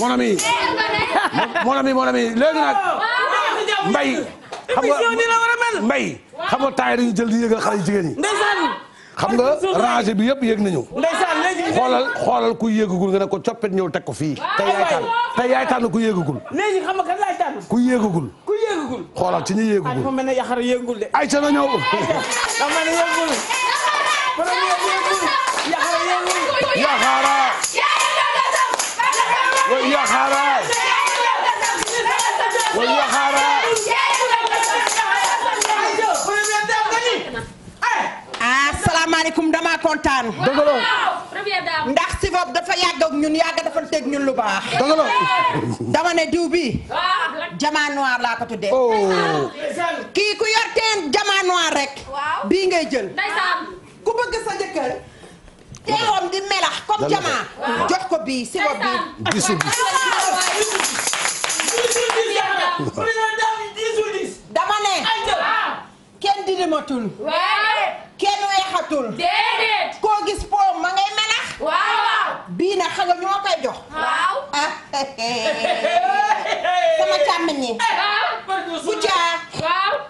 mon ami mon mi mon ami léegi nag mbay xam nga mbay xam nga taay dañu jël di yëgal xale jigéen ñi xam nga rangé bi yëpp yëg nañu xoolal xoolal ku yéegagul nga ne ko coppet ñëw teg ko fii tey yaay tànn tey yaay tànn ku yéegagul léegi xam nga kan laay tànn ku yéegagul ku yéegagul xoolal ci ñu yéegagul dafa mel ne yaxar yéegul de ay ca na ñëw dafa mel ne yéegul yaxara yéegul yaxara واليحرى واليحرى asalaamaaleykum dama kontaan. dëgg la ndax si bopp dafa yàgg ak ñun yàgg dafa teg ñun lu baax. dëgg la dama ne diw bi. jamaa noir laa ko tuddee. Oh. kii ku yor teen jamaa noir rek. bii ngay jël. ku bëgg sa jëkkër. teewoon di melax comme jamaa jox ko bii si bopp bi dix sur dix dama ne kenn didimatul kenn weexatul koo gis poom ma ngay melax bii na xam nga ma koy jox ah sama càmmiñ ñi bu caa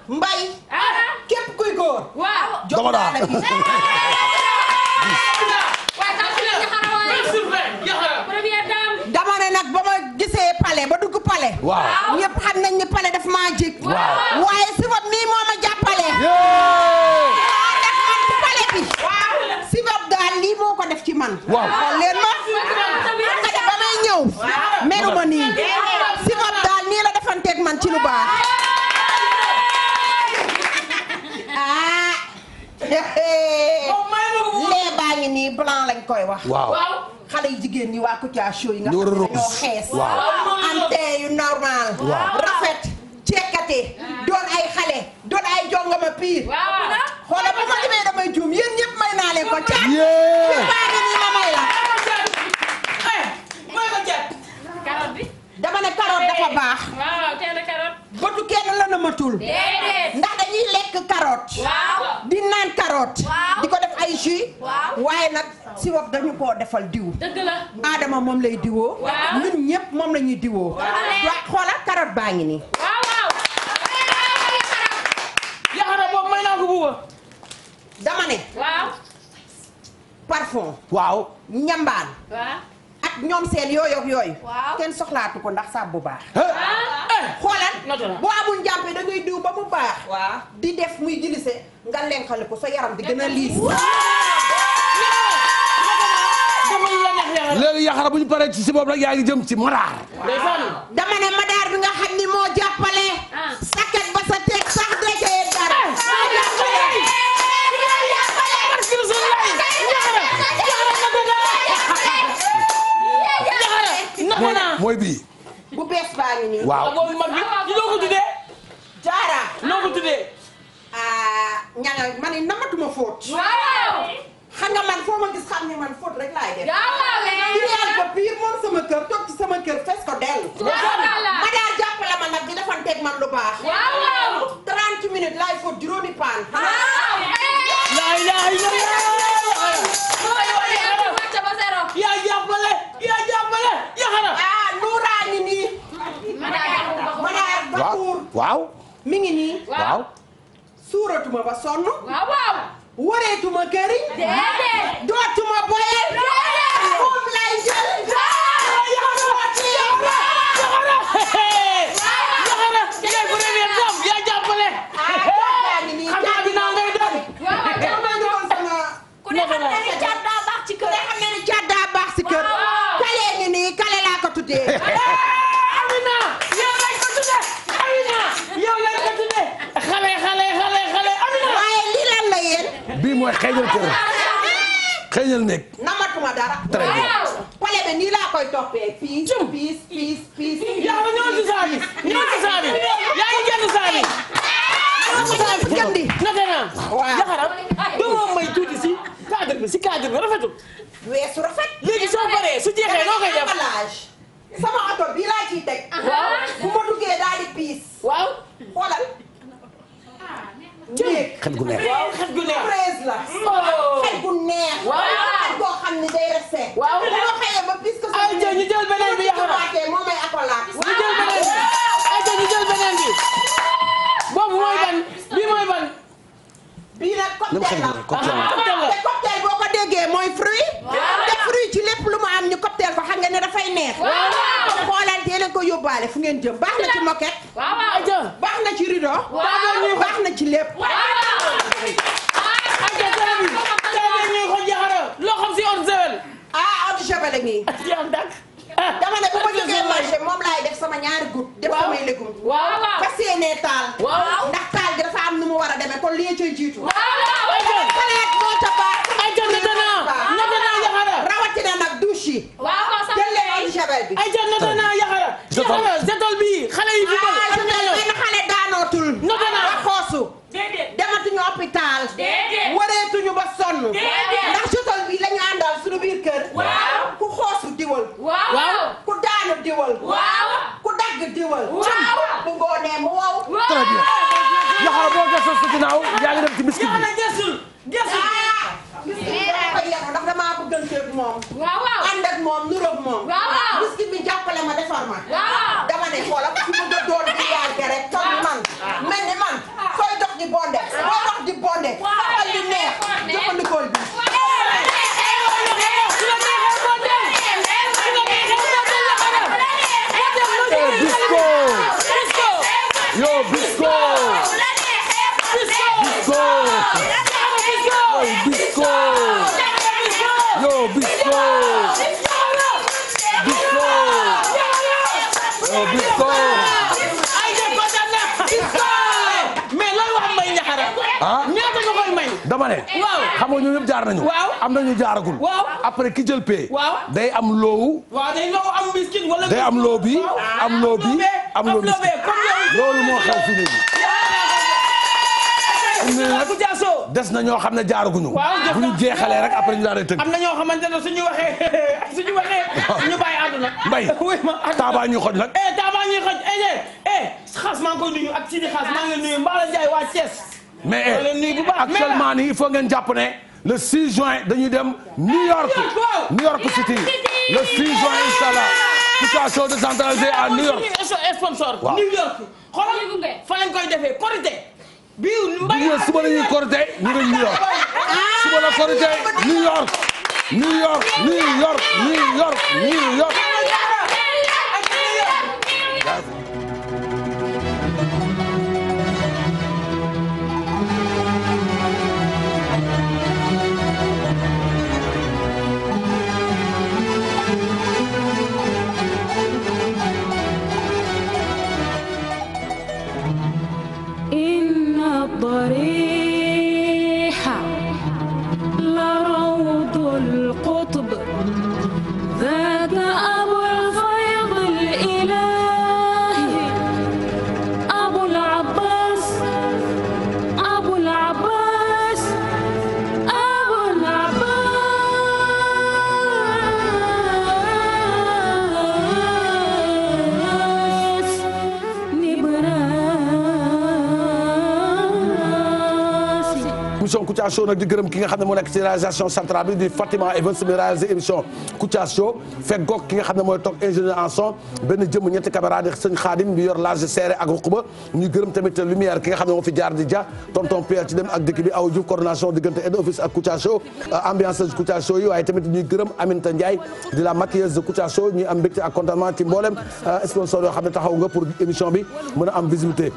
mbay ah. képp kuy góor jox naa la waaw xam nañ ni pale daf maa jig. waaye si bopp mii moo ma jàppale. moo def man ci si bopp daal lii moo ko def ci man. waaw leen ma. xam nga ba may ñëw. meru nii. si bopp daal nii la defanteeg man ci lu baax. ah. lee baa nii blanc lañ koy wax. xale jigéen ñi waa Kouthia Show yi nga xam ne dañoo xees ante yu normal rafet cekkate doon ay xale doon ay jongama piir xoola bu ma demee damay juum yéen ñëpp may naa leen ko ceeb ci baari dama ne carotte dafa eh. baax bëtu kenn la na matul ndax dañuy lekk carotte di naan carotte di ko ay jus waaye nag si wax dañu ko defal diw aadama moom lay diwoo ñun ñëpp moom la diwoo wax xoola carotte baa ngi nii yaxara dama ne parfum waaw ñambaan ñoom seen yooyu ak yooyu. kenn soxlaatu ko ndax saabu bu baax. Ah. Eh, xoolal boo amul njàmpe da ngay diw ba mu baax. di def muy gilise nga lenqali ko sa yaram di gën a liis. léegi yaxara bu ñu paree ci si boobu rek yaa ngi jëm ci moraar. dama ne ma mooy bii. bu bees baa ngi nii. waaw boobu mag bi noo ko tuddee. jaara. noo ko tuddee. ah ñanga ma ne namatuma fóot. waaw. xam nga man foo ma gis xam ne man fóot rek laay def. waaw ba biir moom sama kër toog ci sama kër fes ko ma daa jàppale ma nag di defanteeg man lu baax. waaw. 30 minutes laay fóot juróomi paan. waaw. yaa jàppale yaa jàppale yaxana. ah Noura ngi nii. Madaar Bakour waaw mi ngi nii. waaw suuratuma ba sonn. waaw waaw. wareetuma këriñ. déedéet dootuma boyal. déedéet moom lay jël. ah xeeñal kër xeeñal nekk. namatuma dara. très bien. pale bi nii laa koy toppee. fii fii fii fii. yow ñoo ci saa bi ñoo ci saa bi yaa ngi génn saa bi. ñoo ci saa bi may tuuti si cadre bi si cadre bi rafetul. weesu rafet. léegi soo paree su jeexee noo koy def sama oto bii laa ciy teg. waaw bu ma duggee daal di piis. waaw xoolal. xet gu neex. waaw xet gu neex fraise la. Oh. xet gu neex. waaw xet koo xam ne day resté. waaw boo xëyee ba puisque. ay jël ñu jël beneen bi yàq na moo may akolaat. ñu jël beneen bi ay jël ñu jël beneen bi. boobu mooy ban bi mooy ban. bii nag cocktail la te ah, cocktail boo ko déggee mooy fruit. ci lépp lu mu am ñu cocktail ko xam nga ne dafay neex. kon xoolal teel a ko yóbbaale fu ngeen jëm baax na ci moquette. baax na ci rido. baax na ci lépp. ah on se jabal ngi. dama ne bu ma jógee marché moom laay def sama ñaari goutte. def samay légumes. waaw waaw fas yéenee taal. ndax taal gi dafa am nu mu war a demee kon lii cay jiitu. waaw waaw ay jël paleet moo ca baax. ay jël na danaa na danaa yaxara. rawatina nag douche yi. waaw jaar nañu. waaw am na ñu jaaragul. waaw après ki jël pay. waaw day am loowu. day am biscuit am loo bi am loo bi am loo bi moo xew fi léegi. des na ñoo xam ne jaaraguñu. waaw bu ñu jeexalee rek après ñu daal di tënk. am na ñoo xamante ne suñu waxee suñu waxee. ñu bàyyi àdduna. mbay taabaa ñuy xoj nag. taabaa ñuy xoj eh xaas maa koy nuyu ak Sidi xaas maa ngi il faut ngeen jàpp ne. le 6 juin dañuy dem New York New York City le 6 juin inchallah situation décentralisée à New York sponsor New York xoolal fa lañ koy defee korité bi ñu suba la ñuy korité ñu ngi New York suba la New York New York New York New York New York Kouthia Show nag di gërëm ki nga xam ne moo nekk ci réalisation centrale bi di Fatima Evans mi réalisé émission Kouthia Show fekk goog ki nga xam ne mooy toog ingénieur en son benn jëm ñetti caméra di sëñ Xaadim bi yor large serré ak ruquba ñuy gërëm tamit lumière ki nga xam ne moo fi jaar di ja tonton Pierre ci dem ak dëkk bi aw Diouf coordination diggante head office ak Kouthia Show euh, ambiance Kouthia Show yi waaye tamit ñuy gërëm Aminata Ndiaye di la maquilleuse de Kouthia Show ñuy am mbégte ak contentement ci mboolem euh, sponsor yoo xam ne taxaw nga pour émission bi mën a am visibilité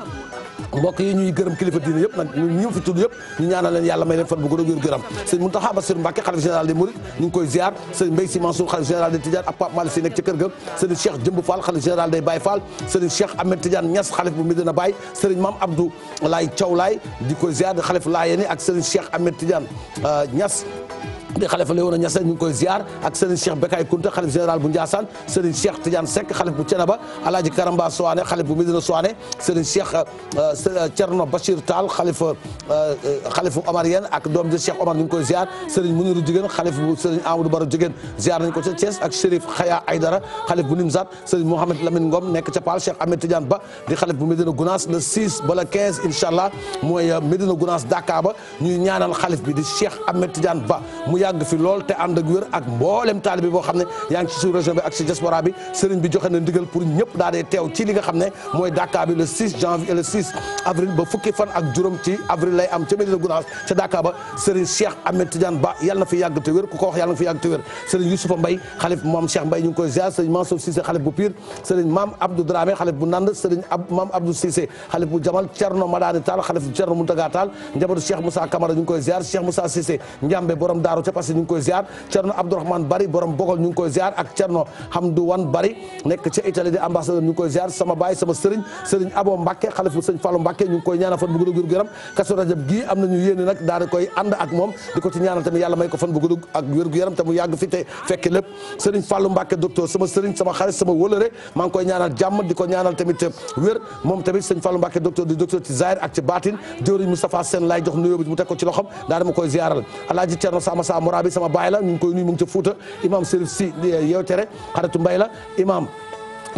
mbokk yi ñuy gërëm kilifa diine yëpp nag ñu fi tudd yëpp ñu ñaanal leen yàlla may leen fan bu gudd ak gërëm sëñ Mountakha Bassirou Mbacké xalif général des Mourides ñu ngi koy ziar sëñ Mbaye Sy Mansour xalif général des Tidiane ak Pape Malick Sy nekk ci kër ga sëriñ Cheikh Jëmb Fall xalif général des Baye Fall sëriñ Cheikh Ahmed Tidiane Niass xalif bu Medina Baye sëriñ Mame Abdou Laye Thiaw Laye di koy ziar xalif Laayeen ak sëriñ Cheikh Ahmed Tidiane euh, Niass di xalifa Léona Niassène ñu ngi koy ziar ak Serigne Cheikh Bekay Kounta xalif général bu Ndiassane Serigne Cheikh Tidiane xalif bu Thiénaba Alaaji Karamba Soane xalif bu Médina Soane Serigne Cheikh euh, euh, euh, Thierno Bachir Tall xalifa xalifu ak doom ji Cheikh Omar ñu ngi koy ziar Serigne Muniru Jigéen xalif bu Serigne Amadou Baro Jigéen ziar nañ ko ca Thiès ak Chérif Khaya Aydara xalif bu Nimzat Serigne Mohamed Lamine Ngom nekk ca Paal Cheikh Ahmed Tidiane Ba di xalif bu Médina Gounass le 6 ba bi di Cheikh Ahmed Tidiane Ba yàgg fi lool te ànd ak wér ak mboolem taalibe boo xam ne yaa ci sous région bi ak ci diaspora bi sëriñ bi joxe na ndigal pour ñëpp daa teew ci xam ne mooy Dakar bi le 6 avril ba fukki fan ak juróom ci avril lay am ca Medina Gounass ca Dakar ba sëriñ Cheikh Ahmed Tidiane Ba yàlla fi yàgg te wér ku ko wax fi yàgg te wér sëriñ Youssoufa Mbaye xalif maam Cheikh Mbaye ñu koy ziar sëriñ Mansour Cissé xalif bu Pire sëriñ maam Abdou Dramé xalif ca parce que ñu ngi koy ziar Cerno Abdourahmane Bari borom Bogol ñu ngi koy ziar ak Cerno Hamdou Wan Bari nekk ca Italie di ambassadeur ñu koy ziar sama baay sama sëriñ sëriñ Abo Mbacke xalifu rajab gii am nañu yéene nag daal koy ànd ak moom di ko ci ñaanal tamit yàlla may ko fan bu gudd ak wér yaram te mu yàgg fi te sëriñ Fallou Mbacke docteur sama sëriñ sama xarit sama wëlëre maa koy ñaanal jàmm di ko ñaanal tamit wér moom tamit sëriñ Fallou Morabi sama baay la ñu ngi koy nuyu mu ngi ca Fouta imam Serif si yew tere xaritu mbay la imam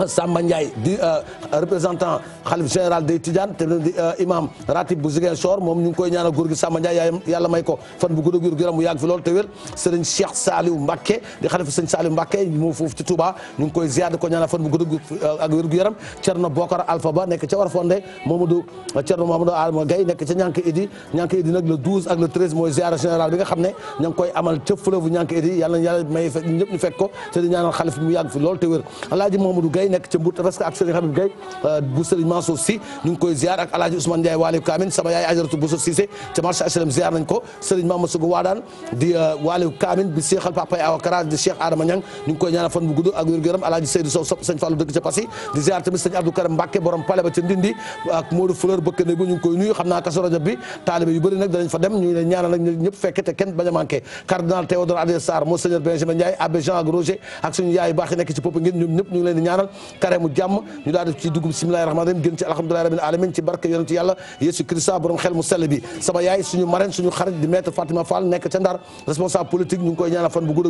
Samba Ndiaye di euh, représentant xalif général des Tidiane te di euh, imam ratib bu Ziguinchor moom ñu ngi koy ñaanal góor gi Samba Ndiaye yaayam yàlla may ko fan bu gudd góor gi yaram mu yàgg fi lool te wér Serigne Cheikh Saliou Mbacké di xalif Serigne Saliou Mbacké moo foofu ci Touba ñu ngi koy ziar di ko ñaanal fan bu gudd ak wér euh, gu yaram Thierno Bokar Alpha Ba nekk ca Warfonde Mamadou Thierno Mamadou Adama nag le mooy ziar général bi nga xam ne ña ngi koy amal ca fleuve Ñank Idi yàlla yàlla may ñëpp ñu fekk ko te fi lool te wér Alaaji Mamadou Gaye Gueye nekk ca Mbour Tafaska ak Serigne Habib Gueye euh, bu Serigne Mansour Sy ñu ngi koy ziar ak Alhaji Ousmane Ndiaye Waliou Kamine sama yaay Ajaratu Bousso Cissé ca marché HLM ziar nañ ko Serigne Mamadou Sougou Wadane di euh, Waliou Kamine bi seexal papa Awa Kara di Cheikh Adama Niang ñu ngi koy ñaanal fan bu gudd ak wér-gu-yaram Alhaji Seydou Sow sopp Serigne Fallou dëkk ca Passy di ziar tamit Serigne Abdou Karim Mbacké borom Palais ba ca Ndindi ak Modou Fleur bëkkane bi ñu ngi koy nuyu xam naa kasu rajo bi taalibe yu bëri nag danañ fa dem ñu ne ñaanal nag ñëpp fekke te kenn bañ a manqué cardinal Théodore Adrien Sarr Monseigneur Benjamin Ndiaye abbé Jean ak Roger ak suñu yaay baax yi nekk ci Popenguine ñoom ñëpp ñu ngi leen di ñaanal kare mu jàmm ñu daal def ci dugub bismillahi rahmani rahim gën ci alhamdulilahi rabbil alamin ci barke yonent yàlla Yeesu Krista borom xel mu sell bi sama yaay suñu marraine suñu xarit di maître Fatima Fall nekk ca Ndar responsable politique ñu ko jooy ba tey fan bu gudd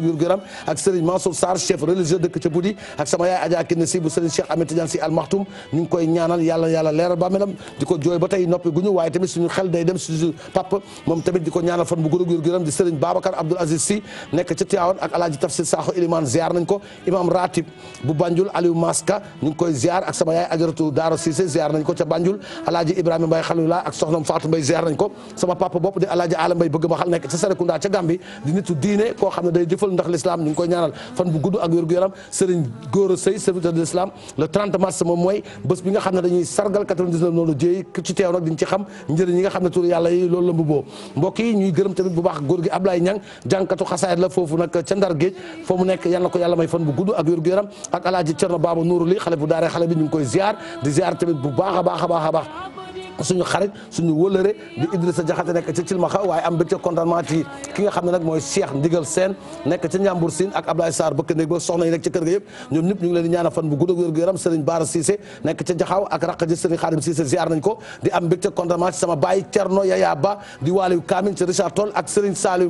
ak wér yaram di Serigne Babacar Abdoul Aziz Si nekk ca Tiwaawan ak Alaaji Tafsir Sakho Iliman ziar nañ ko imam ratib bu Banjul Aliou Maska ñu ngi koy ziar ak sama yaay ajaratu Daaro Cissé ziar nañ ko ca Banjul alaaji Ibrahima Mbaye Xalilula ak soxnam Fatou Mbaye ziar nañ ko sama papa bopp di alaaji Alam Mbaye bëgg ma xal nekk ca Serekunda ca Gambi di nitu diine koo xam ne day jëfal ndax l'islam ñu ngi koy ñaanal fan bu gudd ak wér-gu-yaram Serigne Gora Seye serviteur de l'islam le 30 mars moom mooy bés bi nga xam ne dañuy sargal 99 noonu jéey ku ci teew nag diñ ci xam njëriñ yi nga xam ne tur yàlla yi loolu la mbubboo mbokk yi ñuy gërëm tamit bu baax góor gi Ablaye Ñang jànkatu xasaayat la foofu nag ca Ndar géej foo mu nekk yàlla ko yàlla may fan bu gudd ak wér-gu-yaram ak alaaji Cerno Baabu Nuuru li xale bu daaree xale bi ñu ngi koy ziar di ziar tamit bu baax a baax a baax a baax suñu xarit suñu wëlëre di Idrissa Jaxate nekk ca Cilmaxa waaye am mbégte contentement ki nga xam ne nag mooy Cheikh Ndigal Sène nekk ca Ñambur Sine ak Ablaye Sarr bëkk néeg ba soxna yi ga yëpp ñoom ñëpp ñu ngi leen di ñaanal ak wér gu baay Ba di waaliyu Kamin ca Richard Toll ak Serigne Saliou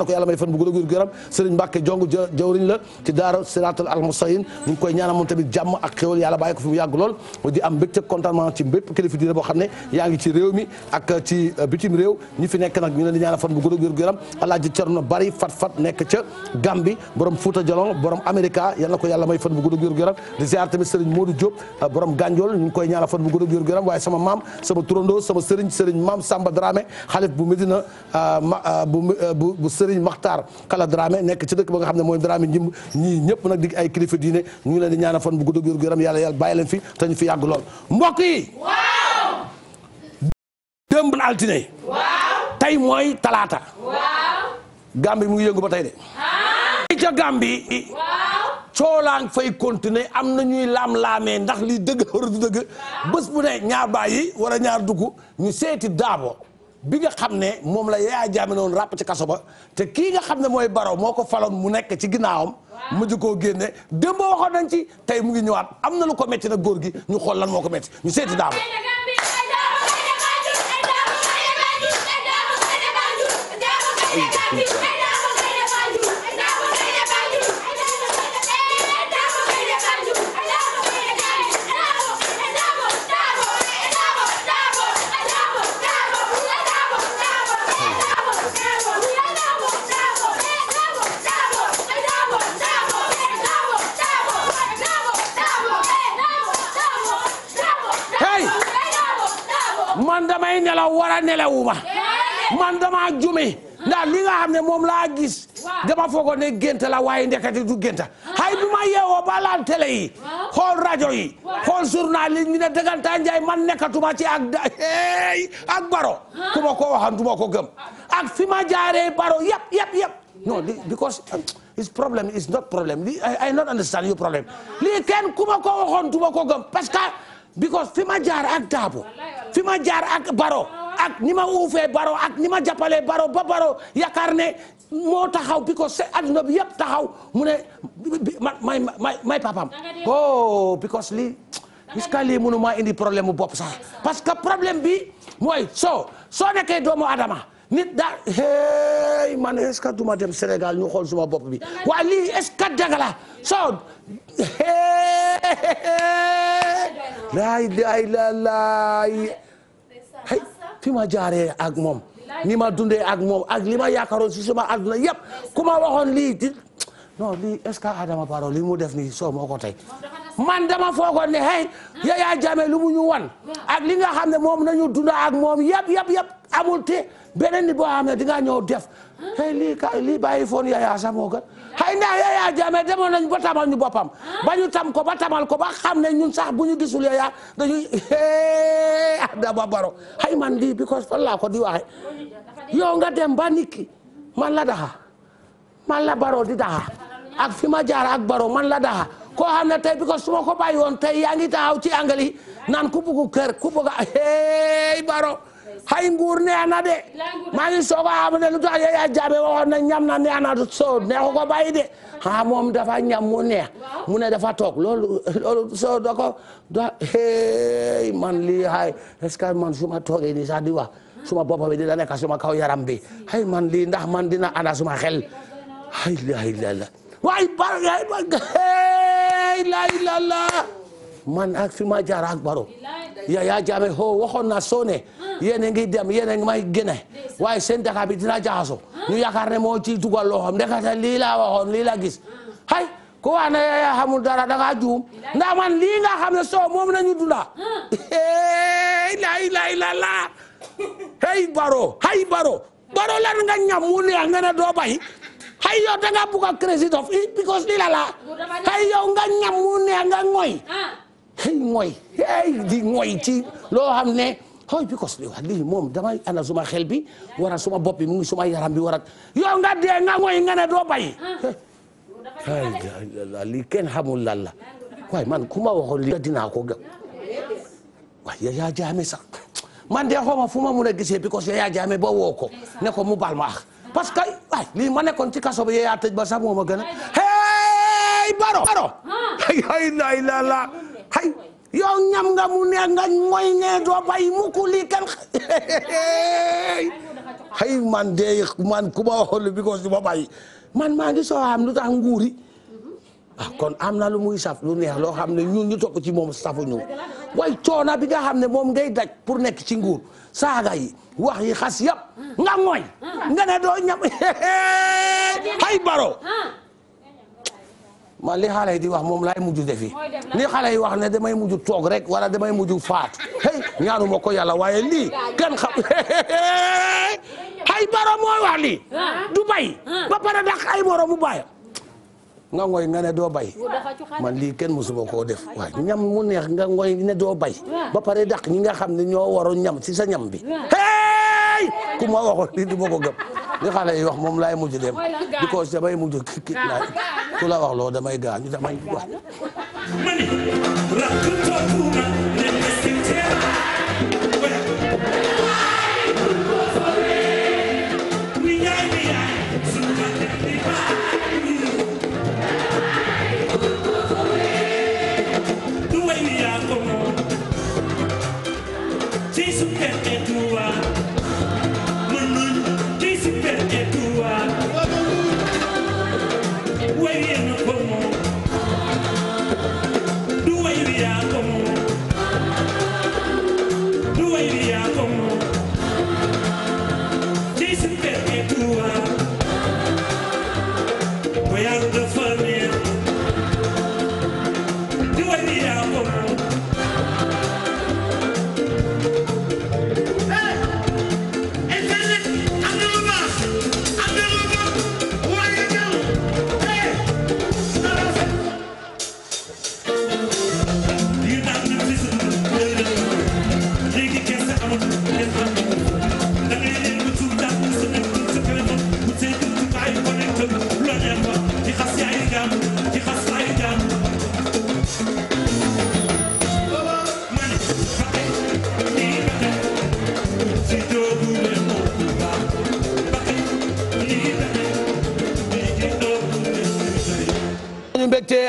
ko yàlla may fan bu gudd ak wér gu yaram Serigne Mbacke Jongu koy ñaanal moom tamit jàmm ak xéwal yàlla bàyyi ko fi mu yàgg lool di am mbégte vraiment ci bépp kilifa diine boo xam ne yaa ngi ci réew mi ak ci euh, bitim réew ñi fi nekk nag ñu leen di ñaanal fan bu gudd wér gu yaram alaaji Cerno Bari fat fat nekk na ko yàlla may fan bu gudd wér gu yaram di ziar tamit euh, ñu ngi koy ñaanal fan bu gudd wér gu yaram waaye sama maam sama turandoo sama sëriñ sëriñ maam Samba euh, ba nga xam ne mooy Dramé njimb ñii ñëpp nag di ay ngi leen di ñaanal fan bu gudd wér gu yaram yàlla yàlla bàyyi leen fi te ñu lool mbokk lii. waaw. altine. tey mooy talaata. waaw. mu ngi yëngu ba tey de. ah. ca Gambie. waaw. fay continuer am na ñuy laam-laamee ndax lii dëgg war dëgg bés bu ne ñaar bàyyi wala ñaar dugg ñu seeti daabo. bi nga xam ne moom la Yaya Jammeh noonu ràpp ci kaso ba te kii nga xam ne mooy Barrow moo ko faloon mu nekk ci ginnaawam. mujj koo génne démb waxoon nañ ci tey mu ngi ñëwaat am na lu ko métti na góor gi ñu xool lan moo ko métti ñu seeti ah, daama dara nelawuma man dama jume ndax li nga xam ne moom laa gis dama foogoon ne gént la waaye ndekete du génta hay bi yeewoo ba laal yi xool rajo yi xool journal yi ñu ne dëggantaa njaay man nekkatuma ci ak hey ak baro ku ma ko waxan du ma ko gëm ak fi ma jaaree baro yëpp yëpp yëpp non because his problem is not problem li kenn ku ma ko waxoon du gëm parce que because fi ma jaar ak daabo fi jaar ak baro ak ni ma uufee baro ak ni ma jàppalee baro ba baro yaakaar ne moo taxaw bi ko se adduna taxaw mu ne may may may papam oh because lii bis lii mënu maa indi problème mu bopp sax parce que problème bi mooy soo soo nekkee doomu adama nit daa hey man est-ce que duma dem Sénégal ñu xool suma bopp bi waa lii est-ce la soo hey laay laay laay fi ma jaaree ak moom ni ma dundee ak moom ak li ma yaakaaroon si sama àdduna yëpp ku ma waxoon lii di non lii Adama Barrow li mu def nii soo moo ko tey man dama foogoon ne hey Yaya Jammeh lu mu ñu wan ak li nga xam ne moom nañu dunda ak moom yëpp yëpp yëpp amul te beneen ni boo xam ne di nga ñëw def hey lii ka foon Yaya sax moo xëy na Yaya Jammeh demoon nañ ba tamal ñu boppam ah. ba ñu tam ko ba tamal ko ba xam ne ñu sax bu ñu gisul Yaya dañuy Adama ah, Barrow xëy man lii because fan laa ko di waxe yow nga dem ba nikki man la daxa man la Barrow di daxa ak fi ma jaar ak Barrow man la daxa koo xam ne tey because su ma ko bay woon tey yaa ngi taxaw ci angali naan ku bugg kër ku bugg a Barrow hay nguur neex na de maa ngi soog a am ne lu tax Yaya Jammeh waxoon na ñam na neex na soo neexu ko de ah moom dafa ñam mu neex mu ne dafa toog loolu loolu soo da da hey man lii hay man suma toogee nii suma bopp bi nekk suma kaw yaram bi hay man lii ndax man dina ànd suma xel hay la ilaha illa waay man ak suma jaar ak baro Yaya Jammeh ho waxoon na soo ne ah. yéen ngi dem yéen a ngi may génne waaye seen daka bi dina jaxaso ah. ñu yaakaar ne moo ci dugal loxoom ndekete lii laa waxoon lii laa gis ah. hay ko wax ne Yaya xamul dara da ngaa juum ndax soo moom nañu dunda la ilaha illallah baro hay baro baro lan nga ñam mu neex nga ne doo bay hay yow da nga bugg of because lii la la hay nga ñam mu neex nga ngoy xëy mooy ay di mooy ci loo xam ne xooy because li moom dama ana suma xel bi wara suma bopp bi mu ngi suma yaram bi warat yow nga dee nga mooy nga ne doo bay lii kenn xamul lan la waaye man ku ma waxoon lii dinaa ko gëm waaye Yaya Jammeh sax man de xaw ma fu ma mun a gisee because Yaya Jammeh ba woo ko ne ko mu baal ma ax parce que waay lii ma nekkoon ci kaso bi Yaya tëj ba sax moo ma gën a hey baro baro ay la la hay yow ñam nga mu ne nga mooy ne doo bay mukk lii kenn hay man de man ku ma waxoon lu bi ko si ma bay man maa ngi soo am lu tax nguuri ah, kon am na lu muy saf lu neex loo xam ne ñun ñu topp ci moom safu ñu way coona bi nga xam ne moom ngay daj pour nekk ci nguur saaga yi wax yi xas yëpp nga mooy hmm. nga ne doo ñam hay baro hmm. man li xale yi di wax moom laay mujj defi li xale yi wax ne damay mujj toog rek wala demay mujj faat hey ñaanuma ko yàlla waaye lii kenn xam ay baro mooy wax lii ah. du ah. ba pare dak ay moromu baay nga ngoy nga ne doo bay man li kenn musuma koo def waaye ñam mu neex nga ngoy ne doo bay ah. ba pare dak ñi nga xam ne ñoo waroon ñam ci sa ñam bi hey ku ma waxoon lii du ma ko gëm li xale yi wax moom laay mujj dem because damay mujj kii ku la wax loo damay gaañu damay wax.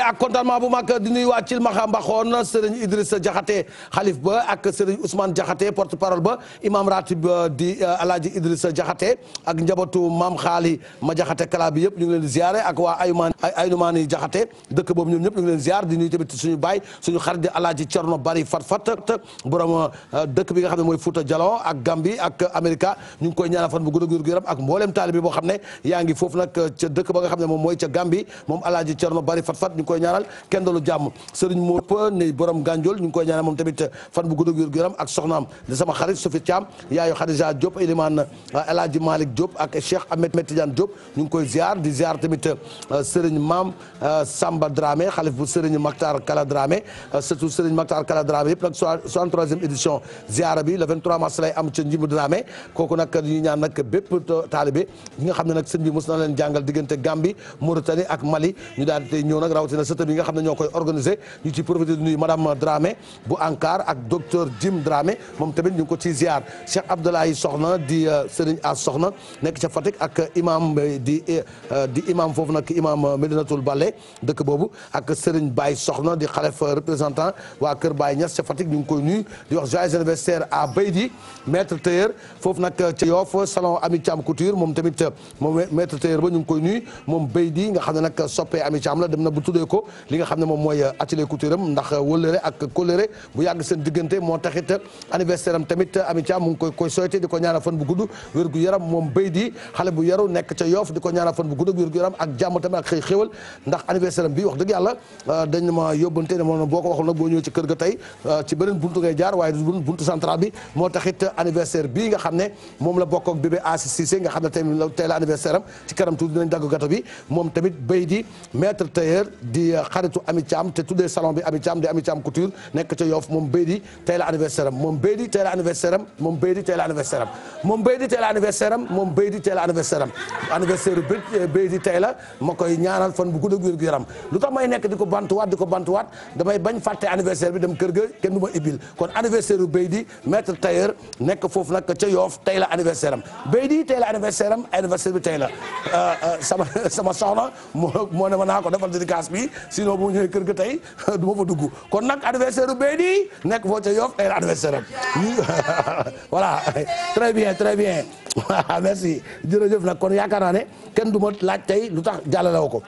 ak contentement bu mag di nuyu waa Cilmaxa Mbaxoon sëriñ Idrissa Jaxate xalif ba ak sëriñ Ousmane Jaxate porte parole ba imam ratib euh, di euh, alaaji Idrissa Jaxate ak njabootu maam xaali ma Jaxate kala bi ñu ngi leen di ziare ak waa ayumaan aynumaani Jaxate dëkk boobu ñoom ñëpp ñu ngi leen ziar di nuyu tamit suñu baay suñu xarit di alaaji Cerno Bari Fat Fat borom euh, dëkk bi nga xam ne mooy Fouta Jalon ak Gambie ak Amerika ñu ngi koy ñaanal fan bu gudd gu yaram ak mboolem taalibe xam ne yaa ngi foofu nag ca dëkk ba ne moom mooy ca Gambie moom alaaji Cerno Bari Fat Fat koy ñaanal kenn dalu jàmm sëriñ Moopa ne borom gànjool ñu ngi koy ñaanal moom tamit fan bu gudd ak wér gu yaram ak soxnaam di sama xarit Sophie Thiam yaayu Khadija Diop Elimane ah, El Hadji Malick Diop ak Cheikh Ahmed Tidiane Diop ñu koy ziar di ziar tamit ah, sëriñ maam ah, Samba Dramé xalif bu sëriñ Maktar Kala Dramé surtout sëriñ Maktar Kala Dramé yëpp nag 63e édition ziara bi le 23 mars lay am ca Njimbu Dramé kooku nag ñu ñaan nag bépp taalibe ñi nga xam ne nag sëñ bi mos na leen jàngal diggante Gambie Mauritanie receteurs yi nga xam ne ñoo koy organisé ñu ci profité di nuyu madame Dramé bu ANCAR ak docteur Jim Dramé moom tamit ñu ngi ko ci ziar Cheikh Abdoulaye Soxna di euh, Serigne As Soxna nekk ca fatik ak imam euh, di euh, di imam foofu nag imam Medinatul bale dëkk boobu ak Serigne Baye Soxna di xalef représentant waa Kër Baye Niass ca Fatick ñu ngi koy nuyu di wax joyeux anniversaire à Baydi maître tailleur foofu nag ca Yoff salon Ami Thiam Couture moom tamit moom maître tailleur ba ñu ngi koy nuyu moom Baydi nga xam ne nag soppee Ami Thiam ko li nga xam ne moom mooy atelier couture am ndax wëllëre ak kóllëre bu yàgg diggante moo taxit anniversaire tamit Ami Thiam mu koy koy di ko ñaanal fan bu gudd wér gu yaram moom béy di xale bu yaru nekk ca yoof di ko ñaanal fan bu gudd ak gu yaram ak jàmm tamit ak xëy ndax anniversaire bi wax dëgg yàlla euh, dañ ma yóbbante ne moom boo ko waxul nag boo ñëwee ci kër ga tey euh, ci beneen buntu jaar waaye buntu central bi moom la bokk ak di xaritu Ami Thiam te tuddee salon bi Ami Thiam di Ami Thiam couture nekk ca Yoff moom béy di tey la moom béy di tey la moom béy di tey ma koy ñaanal fan bu gudd ak wér lu tax may nekk di ko bantuwaat di ko bantuwaat damay bañ fàtte anniversaire bi dem kër ga kenn du ma ibbil kon anniversaire bu di maître tailleur nekk foofu nag ca Yoff tey la anniversaire di tey la anniversaire bi tey euh, euh, sama soxna sinon bu ñëwee kër ga tey du ma fa dugg kon nag adversaire bee di nekk foo ca Yoff tey la adversaire am voilà très bien très bien merci jërëjëf nag kon yaakaar naa ne kenn du ma laaj tey lu tax jàllale ko.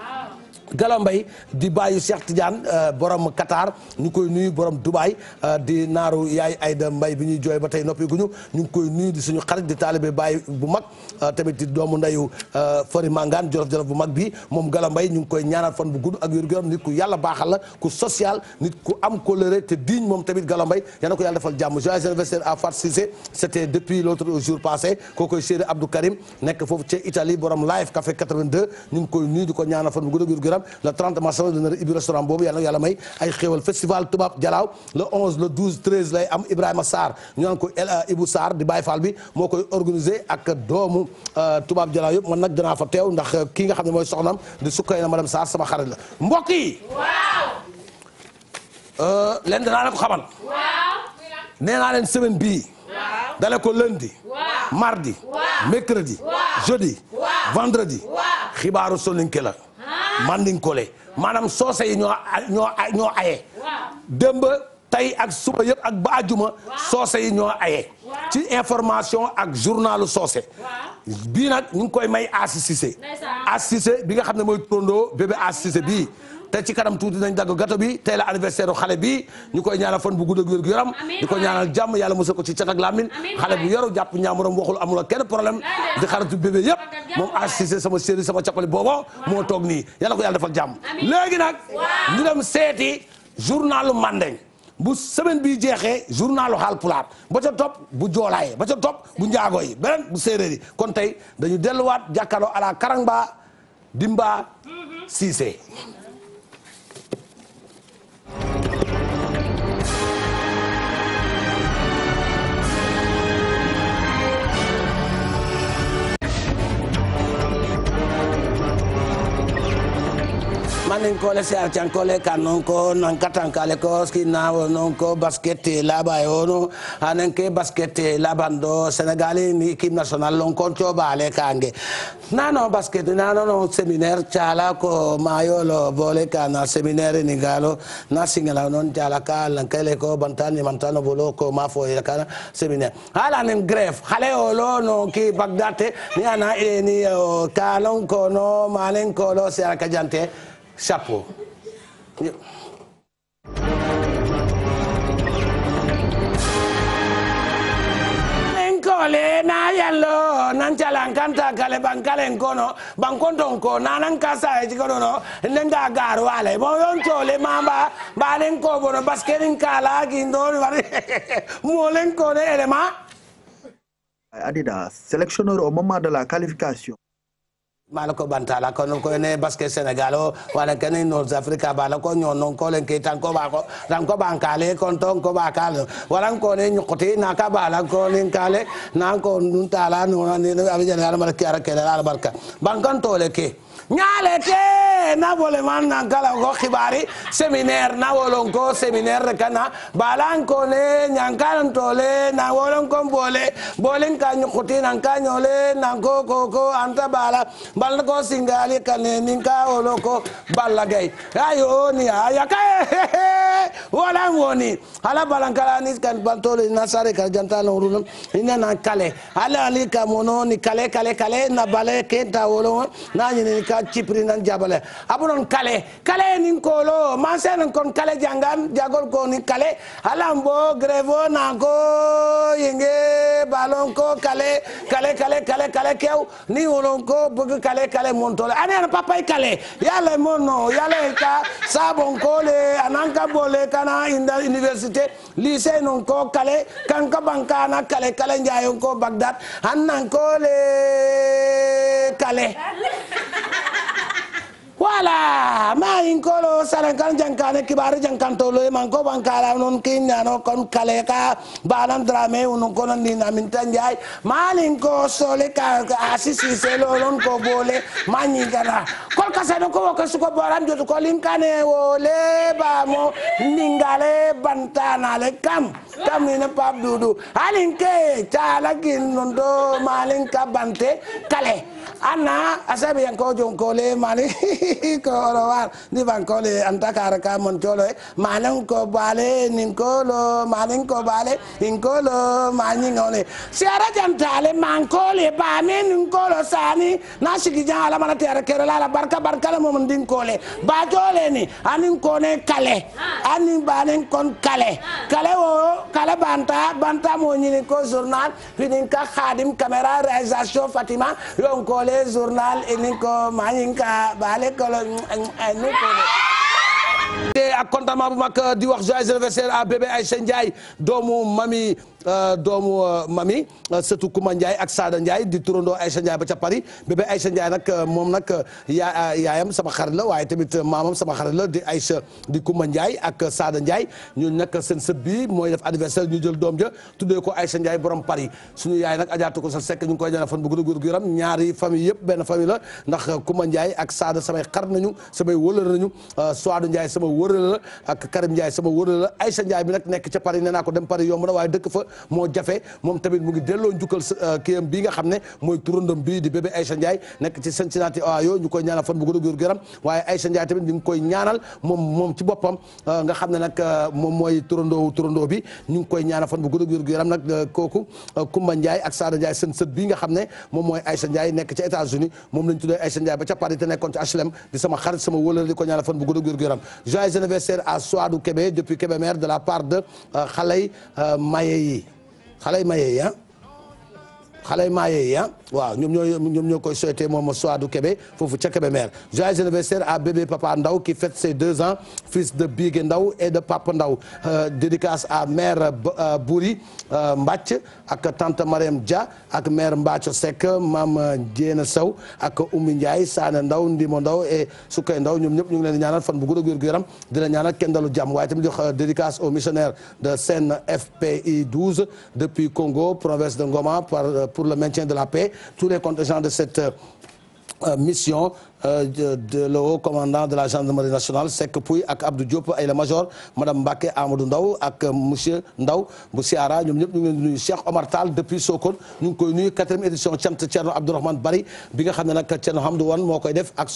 Galambay di bàyyi Cheikh Tidiane euh, borom Qatar ñu koy nuyu borom Dubaay euh, di naaru yaay Ayda Mbay bi ñuy jooy ba tey noppi guñu ñu ngi koy nuyu di suñu xarit di taalibe bàyyi bu mag euh, tamit di doomu ndeyu Fari Mangane jolof-jolof bu mag bi moom Galambay ñu ngi koy ñaanal fan bu gudd ak wér-gu-yaram nit ku yàlla baaxal la ku social nit ku am colère te digne moom tamit Galambay yàlla na ko yàlla defal jàmm joyeux anniversaire à Fat Cissé c'était depuis le 30 mars dina ibbi restaurant boobu yàlla may ay xéewal festival tubaab jalaaw la 11 le 12 13 lay am Ibrahima Sarr ñu naan ko Ibou Sarr di Baye Fall bi moo koy organisé ak doomu euh, tubaab jalaaw yëpp man nag dinaa fa teew ndax kii nga xam ne mooy soxnam di sukkay na madame Sarr sama xarit la mbokk yi. waaw. Euh, leen la ko xamal. waaw. nee naa leen semaine bii. dale ko lundi. mardi. mercredi. jeudi. vendredi. xibaaru soninke la. mandinkole maanaam soose yi ñoo ñoo ñoo aye démb tey ak suba yëpp ak baajuma àjjuma soose yi ñoo aye ci information ak journalu soose bii nag ñu koy may Asi Cissé Asi Cissé bi nga xam ne mooy turandoo bébé Asi Cissé bii te ci kanam tuuti nañ dagg gato bi tey la anniversaire u xale bi ñu koy ñaanal fan bu gudd ak wér yaram ko jàmm yàlla musal ko ci cat ak làmmiñ xale bu yaru jàpp ñaamuram waxul amul ak kenn problème di xaritu bébé yëpp moom assisé sama séri sama cappali boobo moo toog nii yàlla ko yàlla defal jàmm léegi nag ñu dem seeti journalu Mandeng bu semaine bi jeexee journalu Haalpulaar ba ca topp bu joolaay ba ca topp bu njaago yi beneen bu séeréer kon tey dañu delluwaat jàkkaarloo ala Karamba Dimba mhm. Cissé nen ko le sartiankole kannon ko nan ko skinawo non ko basket ni équipe na singala noon cala ka lankele ko bantani mantano bolo ko mafo e kana séminaire hala nen grève hale olo no ki bagdate ni ana eni kalon kono malen kolo sera kajante chapeau. kole na yallo nan jalan kanta kale ban kalen kono ban konton ko nanan kasa e jikono no lenga garu ale bo yon tole mamba balen ko bono baskerin kala gindo wari molen ko ne elema Adidas sélectionneur au moment de la qualification mala ko bantala kono koyene basque sénégal wala kene nord africa bala ko ñonon ko len ke tan ko tan ko bankale kon ton ko bakal walan ko ne bala ko len nan ko nun tala ni abi jana mala ki ara kele ala barka bankan tole ke ñaalete nawole man nankala ko xibari ko séminaire re kana balan kone ñankalan tole nawolon kon boole boolen ka ñukuti nan ka ñole nan ko koko anta bala balla ko singali kane nin ka wolo ayo ni aya kaye walan woni ala balankala ni kan bantole nasare kal jantalon rulon ina nan kale ala ali kamono ni kale kale na bale ke tawolon na ñini ka cipri nan jabale abunon kale kale nin kolo mansenan kon kale jangan jagol ko ni kale alambo grevo nanko yenge balon ko kale kale kale kew ni wolon ko bëgg kale kale montole anen papay kale yalla mono yalla e ka sabon kole ananka bole kana inda université lycée non ko kale kanka bankana kale kale njayon ko bagdad annan kole kale wala ma inkolo salankan jankane kibari jankantoloye manko bankala non kinnano kon kale ka balan drame unun kono nina mintan jay malinko sole ka asisise lolon ko bole manyigana kol kasano ko woke suko boran jotu ko linkane wole bamo ningale bantanale kam kam nina pap dudu alinke cala ginnondo malinka bante kale anna asaɓe yanko jon kole ko orowar ndiban kole antakara ka mon colo e ko bale nin kolo ko bale in kolo mañingone sera jantale man kole bame nin kolo sani na sigi jan alamana tera kerelala barka barkala momon ndin kole ba ni anin kale anin banen kon kale kale kale banta banta mo ñini ko journal finin ka khadim caméra réalisation fatima e journal enin ko mañin ka ɓaale kolo di wax joyeux anniversaire à bébé Aïcha Ndiaye doomu mami Euh, doomu euh, mami euh, sëtu Kuma Ndiaye ak saada Ndiaye di turandoo Aïcha Ndiaye ba ca pari bébé Aïcha Ndiaye nag moom nag yaa yaayam sama xarit la waaye tamit maamam sama xarit la di Aïcha di Kuma Ndiaye ak saada Ndiaye ñun nag seen sët bi mooy def anniversaire ñu jël doom ja tuddee ko Aïcha Ndiaye borom Paris suñu yaay nag ajaatu ko sa sekk ñu ngi koy ñaanal fan bu gën a góor gu yaram ñaari yëpp benn famille la ndax Kuma Ndiaye ak Sada samay xarit nañu samay wëlal nañu Soadu Ndiaye sama wëlal la ak Karim Ndiaye sama wëlal la Aïcha Ndiaye bi nag nekk ca Paris nee naa ko dem Paris yomb na waaye dëkk fa moo jafe moom tamit mu ngi delloo njukkal euh, kiyam bi nga xam ne mooy turandam bii di bébé Aïcha Ndiaye nekk ci Cincinnati Ohio ñu koy ñaanal fan bu gën a góor gëram waaye Aïcha Ndiaye tamit ñu ngi koy ñaanal moom moom ci boppam euh, nga xam ne nag euh, moom mooy turandoo turandoo bi ñu ngi koy ñaanal fan bu gën a góor gëram nag kooku Kumba Ndiaye ak Sada Ndiaye seen sët bii nga xam ne moom mooy Aïcha Ndiaye nekk ca États-Unis moom lañ tuddee Aïcha Ndiaye ba ca Paris te nekkoon ci HLM di sama xarit sama wëlal di ko ñaanal fan bu gën a góor gëram joyeux anniversaire à Soadou Kébé depuis Kébémer de la part de xaley maye yi xale yu maye yi ah xale yu maye yi ah waaw ñoom ñooy ñoom ñoo koy souhaité moom Souadou Kébé foofu ca Kébémer joyeux anniversaire à bébé papa Ndaw qui fête ses deux ans fils de Bigué Ndaw et de Papa Ndaw euh, dédicace à mère euh, Bouri euh, Mbacc ak tante Mariam Dia ak mère Mbacco sekk maam Diena sew ak Oumy Ndiaye Sane Ndaw Ndimo Ndaw et Soukay Ndaw ñoom ñëpp ñu ngi leen di ñaanal fan bu gudd ak wér gu dina ñaanal kenn dalu jàmm waaye tamit jox dédicace aux missionnaires de CNFPI 12 depuis Congo province de Ngoma pour le maintien de la paix tous les contingents de cette euh, euh, mission Euh, de le haut commandant de la gendarmerie nationale Seck Pouy ak Abdou Diop ay la major madame Mbacke Amadou Ndaw ak euh, monsieur Ndaw bu Siara ñoom ñëpp ñu ngi leen di Omar Tall depuis Sokone ñu ngi koy édition cant Thierno Abdourahmane Bari bi xam ne nag Thierno moo koy def ak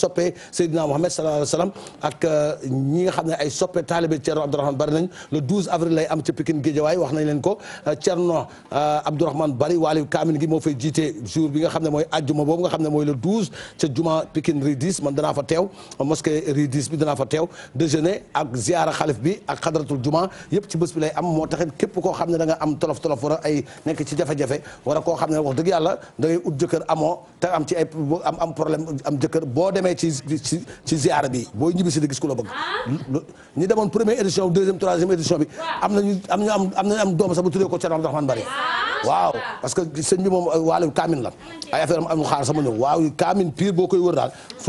euh, ñi nga xam ne ay soppe taalibe Thierno Abdourahmane Bari nañ le 12 avril lay am ci Pikine Guédiawaye wax nañ leen ko Thierno Abdourahmane Bari Wali Kaamil gi moo fay jiite jour bi xam ne mooy ajjuma boobu nga xam ne mooy le 12 ca juma Pikine 10 man danaa fa teew mosquée rue 10 bi danaa fa teew déjeuner ak ziara xalif bi ak xadratul juma yëpp ci bés bi lay am moo taxit képp koo xam ne da nga am tolof tolof war a ay nekk ci jafe-jafe war a koo xam ne wax dëgg da ngay ut jëkkër amoo te am ci ay am problème am jëkkër boo demee ci ci ci ziara bi booy ñibbi si di gis ku la bëgg ñi demoon première édition deuxième troisième édition bi am nañu am ñu am am nañu am doom sax bu tuddee ko Thierno Abdourahmane Bari waaw parce que sëñ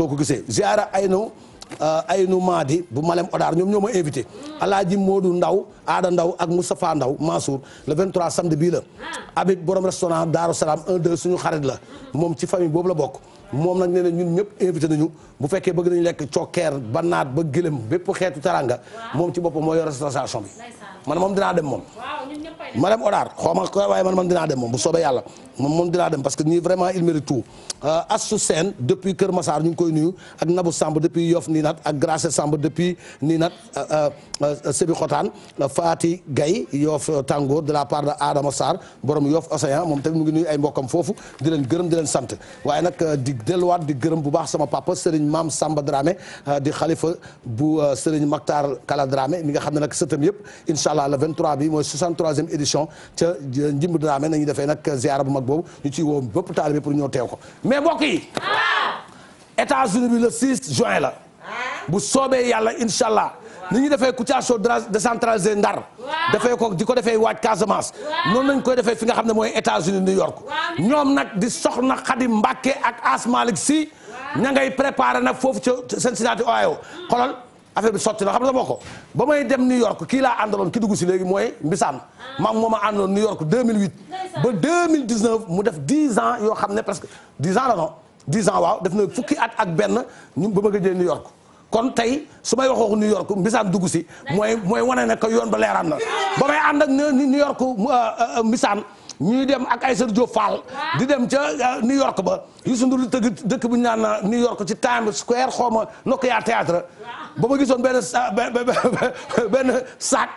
soo ko gisee ziara aynu euh, aynu maadi bu malem odaar ñoom ñoo ma invité alaaji Modou Ndaw Aada Ndaw ak Moustapha Ndaw Mansour le 23 samedi bii la Habib borom restaurant Daaru Salaam 1 2 suñu xarit la moom ci famille boobu la bokk moom nag nee na ñun ñëpp invité nañu bu fekkee bëgg nañu lekk cokkeer ba naat ba gëlëm bépp xeetu taraanga moom ci boppam moo yor restauration bi man moom dinaa dem moom ma dem odaar xaw ma ko waaye man moom dinaa dem moom bu soobee yàlla moom moom dinaa dem parce que ñii vraiment il mérite tout euh, Astou Sène depuis Kër Massar ñu ngi koy nuyu ak Nabou Samb depuis Yoff Ninat ak Gracé Samb depuis Ninat euh, euh, Sébi Xotaan Faati Gay Yoff Tàngoor de la part de Adama Sarr borom Yoff Océan moom tamit mu ngi nuyu ay mbokkam foofu di leen gërëm di leen sant waaye nag di delluwaat di gërëm bu baax sama papa Serigne Maam Samba Dramé di xalifa bu Serigne Maktar Kala mi nga xam ne nag sëtam yëpp incha allah le 23 bi mooy 63e édition ca Njimb Dramé nañu defee nag ziara bu mag boobu ñu ciy woo bépp taalibe pour ñëw teew ko mais mbokk yi États-Unis bi le 6 juin la bu soobee yàlla incha allah ni ñu defee Kouthia Show décentralisé Ndar dafee ko di ko defee waaj Casamance noonu lañ koy defee fi nga xam ne mooy États-Unis New York ñoom nag di soxna Xadi Mbàkke ak Asmalik si ña ngay préparé nag foofu ca Cincinnati Ohio xolal affaire bi sotti na xam nga ko ba may dem New York kii laa àndaloon ki dugg si léegi mooy Mbisaan ah. maam moo ma àndoon New York 2008 ba 2019 mu def 10 ans yoo xam ne presque 10 ans la non 10 ans waaw def na fukki at ak benn ñu ba ma gëjee New York kon tey su may waxoo New York Mbisaan dugg si mooy mooy wane ne ko yoon ba leeraan na ba may ànd ak New York euh, euh, Mbisaan ñuy dem ak Aïssatou Diop Fall di dem ca euh, New York ba Youssou Ndour di dëkk bu ñu naan New York ci Times Square xaw ma Nokia Théâtre ba ma gisoon benn sa benn saak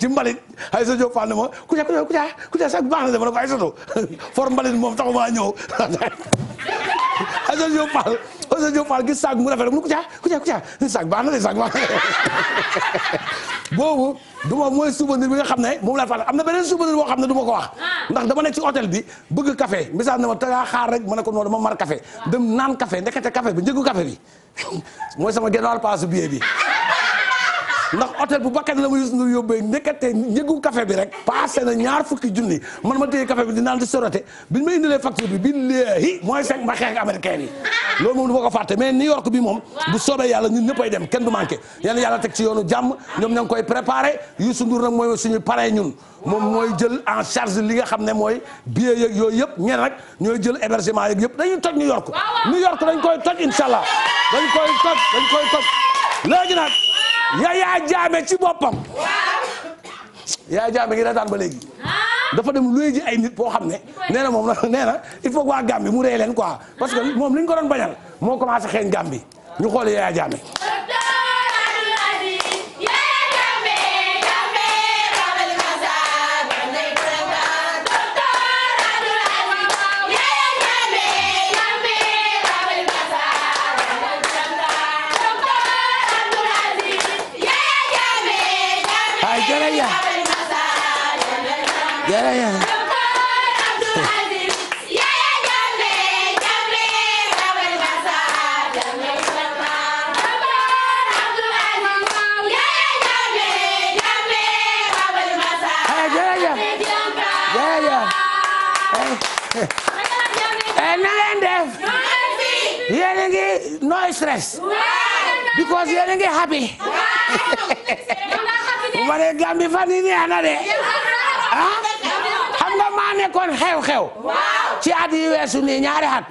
ci mbalit ay sa Diop fànn ma ku ca ku ca ku ca saak baax na dama ne ko ay soto for mbalit moom taxu maa ñëw ay sa Diop fànn ay sa Diop fànn gis saak mu rafet mu ku ca ku ca ku ca saak baax saak baax na boobu du ma mooy souvenir bi nga xam ne moom laa fàttali am na beneen souvenir boo xam ne duma ma ko wax ah. ndax dama nekk ci hôtel bi bëgg café message na ma tagaa xaar rek ma ne ko noonu dama mar café ah. dem naan café ndekete café bi njëgu café bi mooy sama genn wàll paasu bi ndax hôtel bu bakkan la ma Youssou Ndour yóbbee nekkate njëgu café bi rek passé na ñaar fukki junni man ma téye café bi di naan di sorote biñ ma indilee facture bi billahi mooy fekk ma xeex américain loolu moom du ma ko fàtte mais New York bi moom bu soobee yàlla ñun ñëppay dem kenn du manqué yéen yàlla yoonu jàmm ñoom ña ngi koy préparé Youssou Ndour nag mooy suñu parrain ñun moom mooy jël en charge li nga xam ne mooy billet yeeg yooyu yëpp ñen nag ñooy jël hébergement yeeg yëpp dañuy toj New York New York dañ koy toj inshallah Yaya Jammeh ci boppam. Yaya Jammeh ngi reetaan ba léegi. Ah. dafa dem luy ji ay nit boo xam ne. nee na moom nag nee na il faut que waa Gambie mu rey leen quoi. parce que ah. moom li ñu ko doon bañal moo commencé xeeñ Gambie ñu xool Yaya Jammeh. Ah. yeah, yeah. yéen a ngi no stress. because yéen a ngi happy. ma ne Gambie fan yii nii ana de ah. nekkoon xew ci at yi weesu nii ñaari at.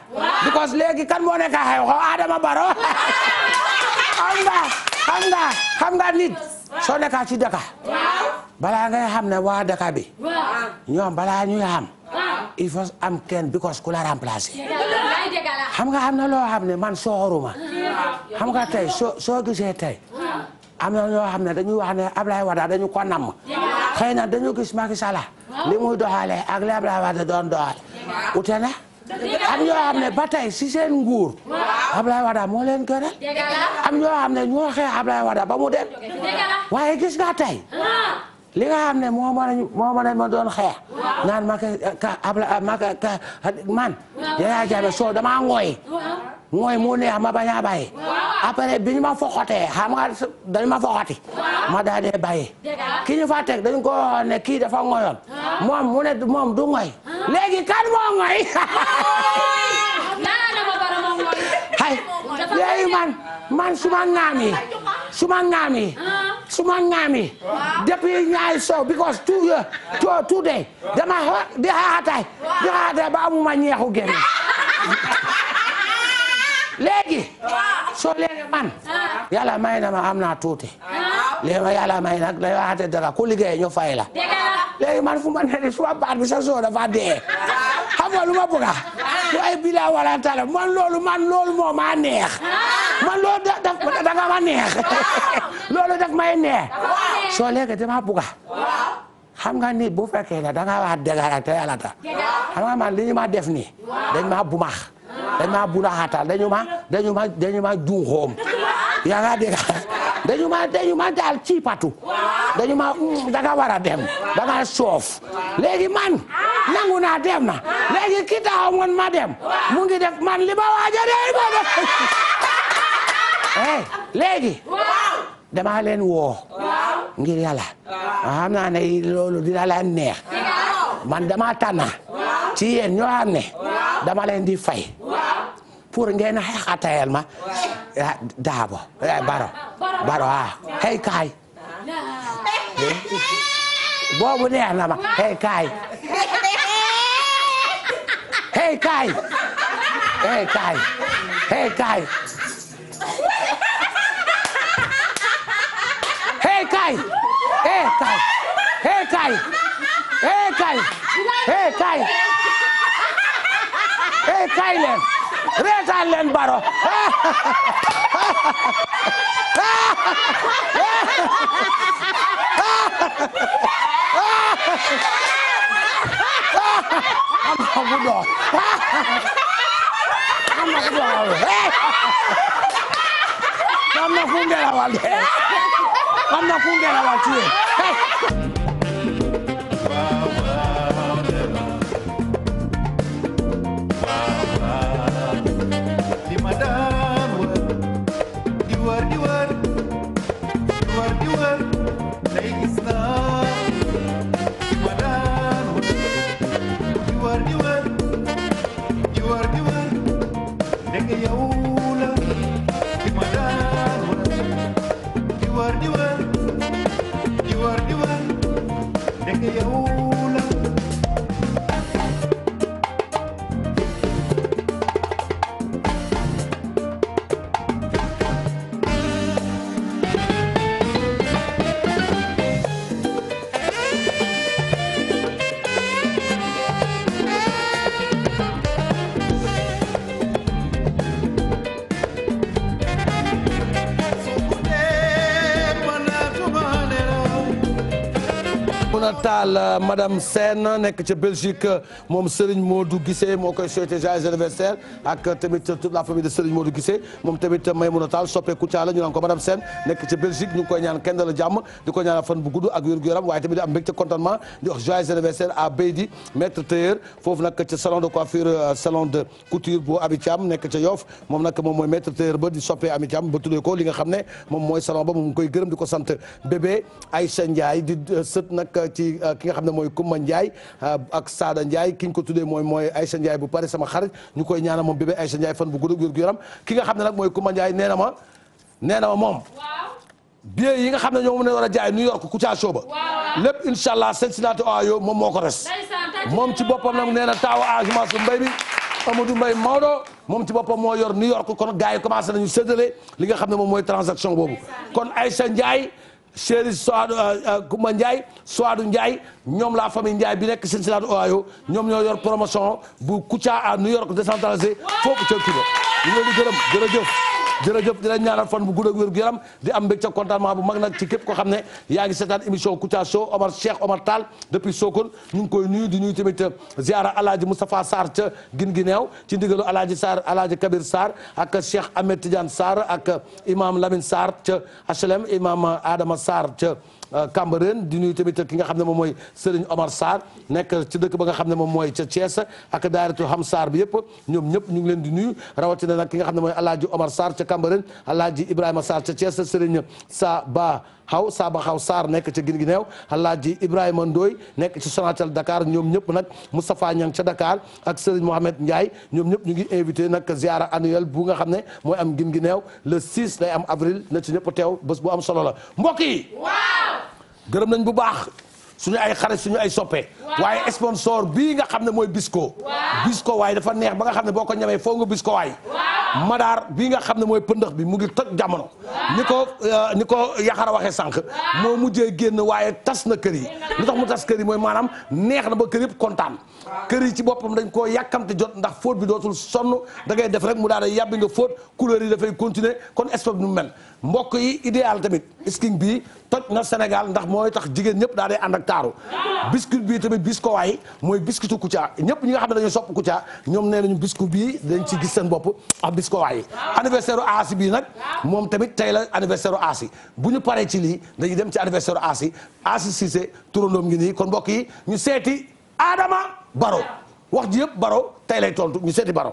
because léegi kan moo nekk xew-xew Adama Baro. xam nga xam nga xam nga nit. soo nekkaa ci Dakar. balaa ngay xam ne waa Dakar bi. ñoom balaa ñuy xam. il faut am kenn because ku la remplacer. xam nga am na loo xam ne man soxoruma. xam nga tey soo soo tey. am na ñoo xam ne dañuy wax ne Ablaye Wade dañu ko namm. xëy na dañu gis Macky Sall li muy doxalee ak li Abdoulaye Wade doon doxale ute na am ñoo xam ne ba tey si seen nguur Abdoulaye Wade moo leen gënal ñoo xam ne ñoo xeex Abdoulaye Wade ba mu dem waaye gis nga tey li nga am ne moo mën moo ma doon xeex naan ma ka ka Abdoulaye ma ka soo dama ngooy mooy mu neex ma bañ a bàyyi. après bi ma foxotee xam dañ ma foxoti. ma daal fa teg dañ ko ne kii dafa ngoyoon. moom mu ne moom du ngoy. Ah. léegi kan moo ngoy. hay léegi man man suma ngaam yi suma ngaam yi ah. suma depuis ñaari sow because two years uh, two day dama di xaxatay di xaxatay ba amuma ñeexu génn léegi soo leene man ah. yàlla may na ma am naa tuuti ah. léegi yàlla may nag man fu ma ne nii baat bi sa soo dafa dee ah. xam nga ma bëgg lu ay bila wala man loolu man loolu moo ma neex man loolu da da nga ma neex loolu daf may neex soo léegi dama bëgg xam nga nit bu fekkee ne da nga wax te yàlla tax xam man li ma def nii dañ ma bumax dañ maa bulaxatal dañu ma dañu ma dañu ma juuxoom yaa nga dégg dañu ma dañu ma daal ci patu ma mm, danga war dem danga soof léegi man nangu naa dem na léegi ma dem mu ngi def man li ma waaj a dem ma damaa leen woo. ngir yàlla. xam naa ne loolu dina la neex. man dama tànn. ci yéen ñoo xam ne. dama leen di fay. pour ngeen xatayal ma. Eh, daabo eh, baro. baro ah hey kaay. neex na ma hey kaay. hey kaay. hey kaay. kaay eh kaay eh kaay eh kaay eh kaay eh kaay leen reetaan leen baro I'm not going to I'm not going to get out of here. Fall seen euh, Sène nekk ca Belgique euh, moom Serigne Modou Guissé moo koy souhaité joyeux anniversaire ak euh, tamit toute la famille de Serigne Modou Guissé moom tamit Maymouna Tall soppe Kouthia la ñu naan ko madame Sène nekk ca Belgique ñu ngi koy ñaan kenn la di ko ñaanal fan bu gudd ak wér gu waaye tamit di am mbégte di wax anniversaire à Beydi maître tailleur foofu nag ca salon de coiffure salon de couture bu Abitiam nekk ca Yoff moom nag moom mooy maître tailleur ba di soppe xam ne moom mooy salon ba moom ngi koy ko sant bébé Aïcha Ndiaye di sët ki nga xam ne mooy Kumba Ndiaye ah, ak Sada Ndiaye ki ñu ko tuddee mooy mooy Aïssa Ndiaye bu pare sama xarit ñu koy ñaanal moom bébé Aïssa Ndiaye xam ne nag mooy Kumba Ndiaye nee na nee na ma moom yi nga xam ne ñoo mën a a jaay New York Kouthia Show ba lépp incha allah Cincinnati Ohio moom moo ko res moom ci boppam nag nee na taaw agement su mbay bi Amadou Mbaye Maodo moom ci boppam moo yor New York kon gars yi commencé nañu séddale li nga xam ne moom mooy transaction boobu kon Aïssa Ndiaye chéri Soadu Kumba euh, euh, Ndiaye Soadu Ndiaye ñoom la famille Ndiaye bi nekk Cincinnati Ohio ñoom ñoo yor promotion bu Kouthia à New York décentralisé foofu ca Cuba ñu ngi leen di gërëm jërëjëf jërëjëf di leen ñaanal fan bu gudd ak gu yaram di am mbégte contentement bu mag nag ci képp ko xam ne yaa ngi seetaan émission Kouthia Show Omar Cheikh Omar Tall depuis Sokone ñu ngi koy nuyu di nuyu tamit euh, ziara alaaji Moustapha saar ca gin gi neew ci ndigalu alaaji Sarr alaaji Kabir saar ak Cheikh Ahmed Tidiane Sarr ak euh, imam lamin Sarr ca HLM imam Adama saar ca Euh, Cambérène di nuyu tamit ki nga xam ne moom mooy Serigne Omar Sarr nekk ci dëkk ba nga xam ne moom mooy ca Thiès ak daayiratu Ham Sarr bi yëpp ñoom ñëpp ñu ngi leen di nuyu rawatina nag ki nga xam ne mooy Alaaji Omar Sarr ca Cambérène Alaaji Ibrahima Sarr ca Thiès Serigne Sa Ba xaw saaba xaw Sarr nekk ca Guinguinéo Alaaji Ibrahima Ndoy nekk ci Sonatel Dakar ñoom ñëpp nag Moustapha Niang ca Dakar ak Serigne Mohamed Ndiaye ñoom ñëpp ñu ngi invité nag ziara annuelle bu nga xam ne mooy am Guinguinéo le 6 lay am avril na ci ñëpp teew bés bu am solo la mbokk yi gërëm nañ bu baax suñu ay xarit suñu ay soppee waaye sponsor bii nga xam ne mooy Bisco Bisco waaye dafa neex ba nga xam ne boo ko ñamee foo nga Bisco waay madaar bii nga xam ne mooy pëndëx bi mu ngi toj jamono ni ko euh, ni ko yaxara waxee sànq moo mujjee génn waaye tas na kër yi lu tax mu tas kër yi mooy maanaam neex na ba kër yëpp kontaan kër yi ci boppam dañ koo yàkkamte jot ndax fóot bi dootul sonn da ngay def rek mu daal di yàbbi nga fóot couleur yi dafay continuer kon espace bi mu mel mbokk yi idéal tamit skin bi toj na Sénégal ndax mooy tax jigéen ñëpp daal di ànd ak taaru biscuit bii tamit bisco waay mooy biscuitu Kouthia ñëpp ñi nga xam ne dañoo sopp Kouthia ñoom nee nañu biscuit bi dañ ci gis seen bopp ak bisco waay anniversaire u aasi bi nag moom tamit tey la anniversaire u aasi bu ñu paree ci lii dañuy dem ci anniversaire u aasi aasi Cissé turandoom ngi nii mbokk yi ñu seeti Adama baro wax ji yëpp baro tey lay tontu ñu seeti baro.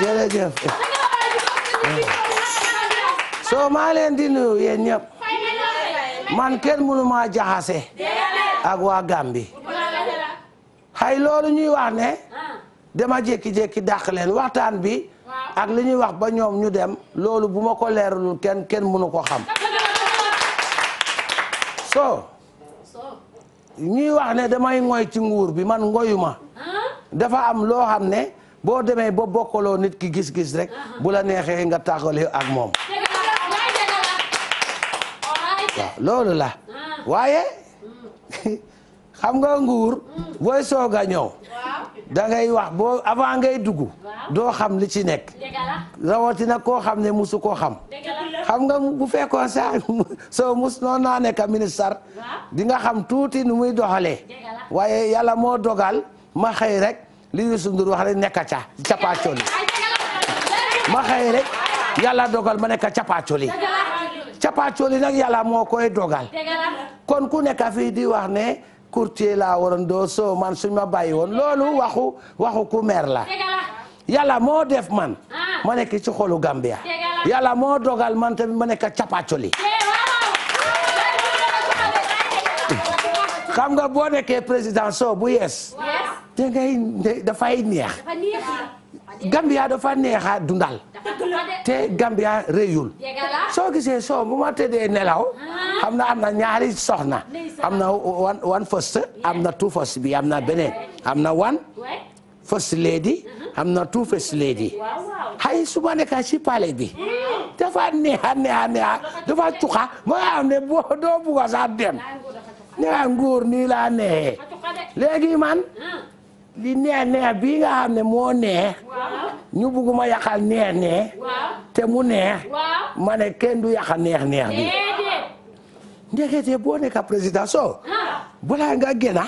jërëjëf jërëjëf soo maa leen di nuyu yéen ñëpp man kenn mënu maa jaxase ak waa Gambi xay loolu ñuy wax ne dama jékki-jékki dàq leen waxtaan bi ak li ñuy wax ba ñoom ñu dem loolu bu ma ko leeralul kenn kenn mënu ko xam soo ñuy wax ne damay ngoy ci nguur bi man ngoyuma dafa am loo xam ne boo demee ba bokkaloo nit ki gis-gis rek uh-huh. bu la neexee nga tàggale ak moom loolu la uh-huh. waaye uh-huh. xam nga nguur booy soog a ñëw da ngay wax boo avant ngay dugg doo xam li ci nekk rawatina koo xam ne musu koo xam xam nga bu fekkoon sax soo mus noonu naa nekka ministar dinga xam tuuti nu muy doxalee waaye yàlla moo dogal ma xëy rek li Youssou Ndour wax rek nekk ca ma xëy rek yàlla dogal ma nekk cappaacoli cappaacoli nag yàlla moo koy dogal kon ku nekk fii di wax ne courtier la waroon doo soo man suñ ma bàyyi woon loolu waxu waxu ku mer la yàlla moo def man ma nekk ci xolu Gambia yàlla moo dogal man tamit ma xam nga boo nekkee président soo bu yees da ngay dafay neex. Gambia dafa neexa dundal. te Gambia réyul. soo gisee soo bu ma tëddee nelaw. xam ah. na am na ñaari soxna. am na one first am na two first bi am na beneen am na one first lady uh-huh. am na two first lady. xëy su ma nekk ci palais bi. Mm. dafa neexa neexa neexa dafa a nguur nii laa neexee man. li neex neex bii nga xam ne moo neex ñu bugguma yàqal neex neex te mu neex ma ne kenn du yàqal neex neex bi ndekete boo nekka président so balaa nga gëna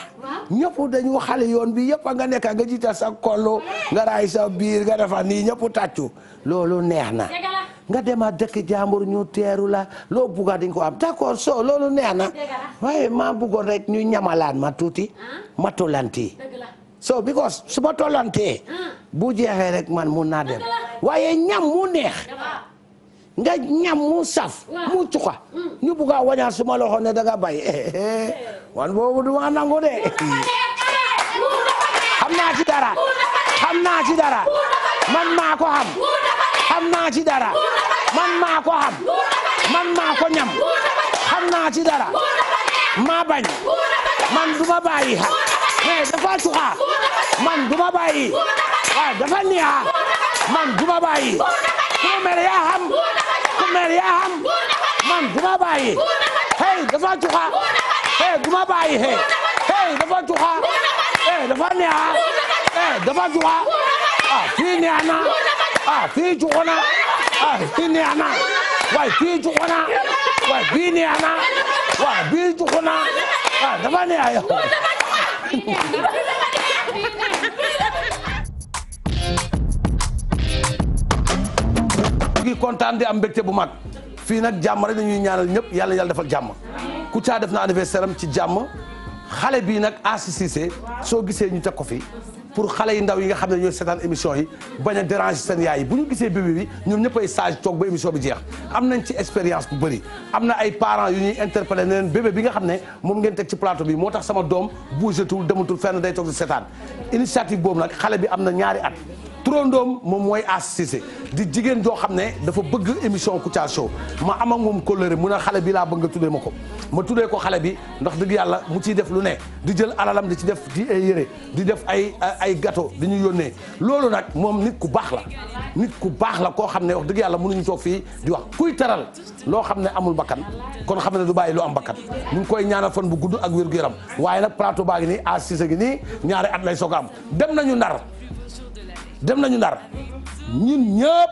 ñëpp dañu xale yoon bi yëpp nga nekka nga jiital sa kollu nga raay sa biir nga defar nii ñëpp tàccu loolu neex na nga dema dëkk jàmbur ñu teeru la loo bugga dañ ko am d'accord so loolu neex na waaye maa buggoon rek ñu ñamalaan ma tuuti ah. ma tolanti so because su ma tollantee bu jeexee rek man mun naa dem waaye ñam mu neex nga ñam mu saf mu cuqa ñu bugg a suma loxo ne daga bay wan boobu du nangu de xam naa ci dara xam naa ci dara man maa ko xam xam naa ci dara man maa ko xam man ko ñam xam naa ci dara maa bañ man duma bàyyi xam mais dafa tuxa man duma bàyyi waaw dafa neex man duma bàyyi ku mer yaa xam ku mer yaa xam man duma bàyyi hey dafa tuxa hey duma bàyyi hey hey dafa tuxa hey dafa neex hey dafa tuxa ah fii neex na ah fii tuxa na ah fii neex na waay fii tuxa na waay fii neex na waay fii tuxa na ah dafa neex ngi kontaan di am mbégte bu mag fii nag jàmm rek dañuy ñaanal ñëpp yàlla yàlla defal jàmm ku caa def na anniversaire am ci jàmm xale bii nag Asi soo gisee ñu teg ko fi pour xale yu ndaw yi nga xam ne ñoo seetaan émission yi bañ a déranger seen yaay yi bu ñu gisee bébé bi ñoom ñëpp ay sage ba émission bi jeex am nañ ci expérience bu bëri am na ay parents yu ñuy interpellé ne leen bébé bi nga xam ne moom ngeen teg ci plateau bi moo tax sama doom bougetul dematul fenn day toog di seetaan initiative boobu nag xale bi am na ñaari at turandoom moom mooy As Cissé di jigéen joo xam ne dafa bëgg émission Kouthia Show ma am moom kóllëre mu ne xale bi laa bëgg nga tuddee ma ko ma tuddee ko xale bi ndax dëgg yàlla mu ciy def lu ne di jël alalam di ci def di ay yére di def ay ay gâteau di ñu yónnee loolu nag moom nit ku baax la nit ku baax la koo xam ne wax dëgg yàlla mënuñu toog fii di wax kuy teral loo xam ne amul bakkan kon xam ne du bàyyi lu am bakkan ñu ngi koy ñaana fan bu gudd ak wér-gu-yaram waaye nag plateau baa ngi nii As Cissé nii ñaari at lay soog a am dem nañu Ndar dem nañu ndar ñun ñëpp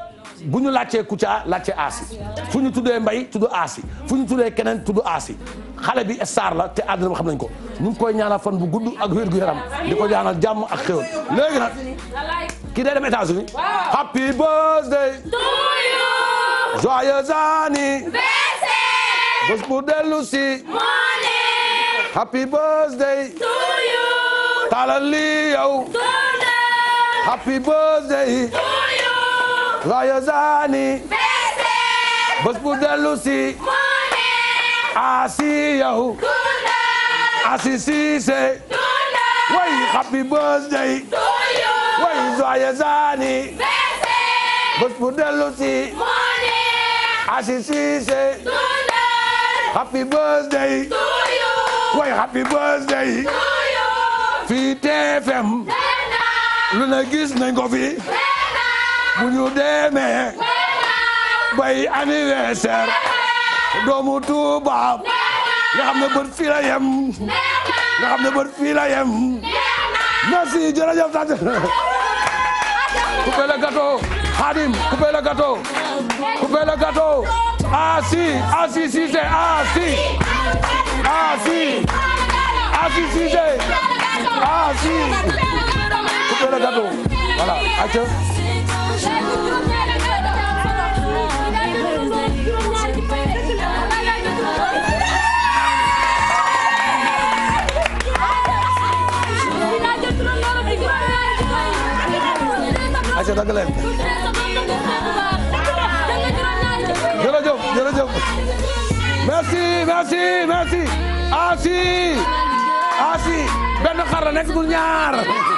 bu ñu laajtee Kouthia laajte aasi fu ñu tuddee mbay tudd aasi fu ñu tuddee keneen tudd aasi xale bi star la te àddina xam nañ ko ñu ngi koy ñaanal fan bu gudd ak wér gu yaram di ko ñaanal jàmm ak xéwal léegi nag kii day dem États-Unis happy happy birthday to you Royal bese bés bu dellu si moone asi yow kunda asi siise kunda way happy birthday to you way Royal bese bés bu dellu si moone asi siise kunda happy birthday to you happy birthday to you TFM lu ne gis nañ ko fi bu ñu demee bay anniversaire doomu Tuuba nga xam ne bët fii la yem nga xam ne bët fii la yem merci jërëjëf sant coupez le gâteau Khadim coupez le gâteau coupez le gâteau assis assis si c'est assis assis assis si coupez le gâteau benn xar la nekk du ñaar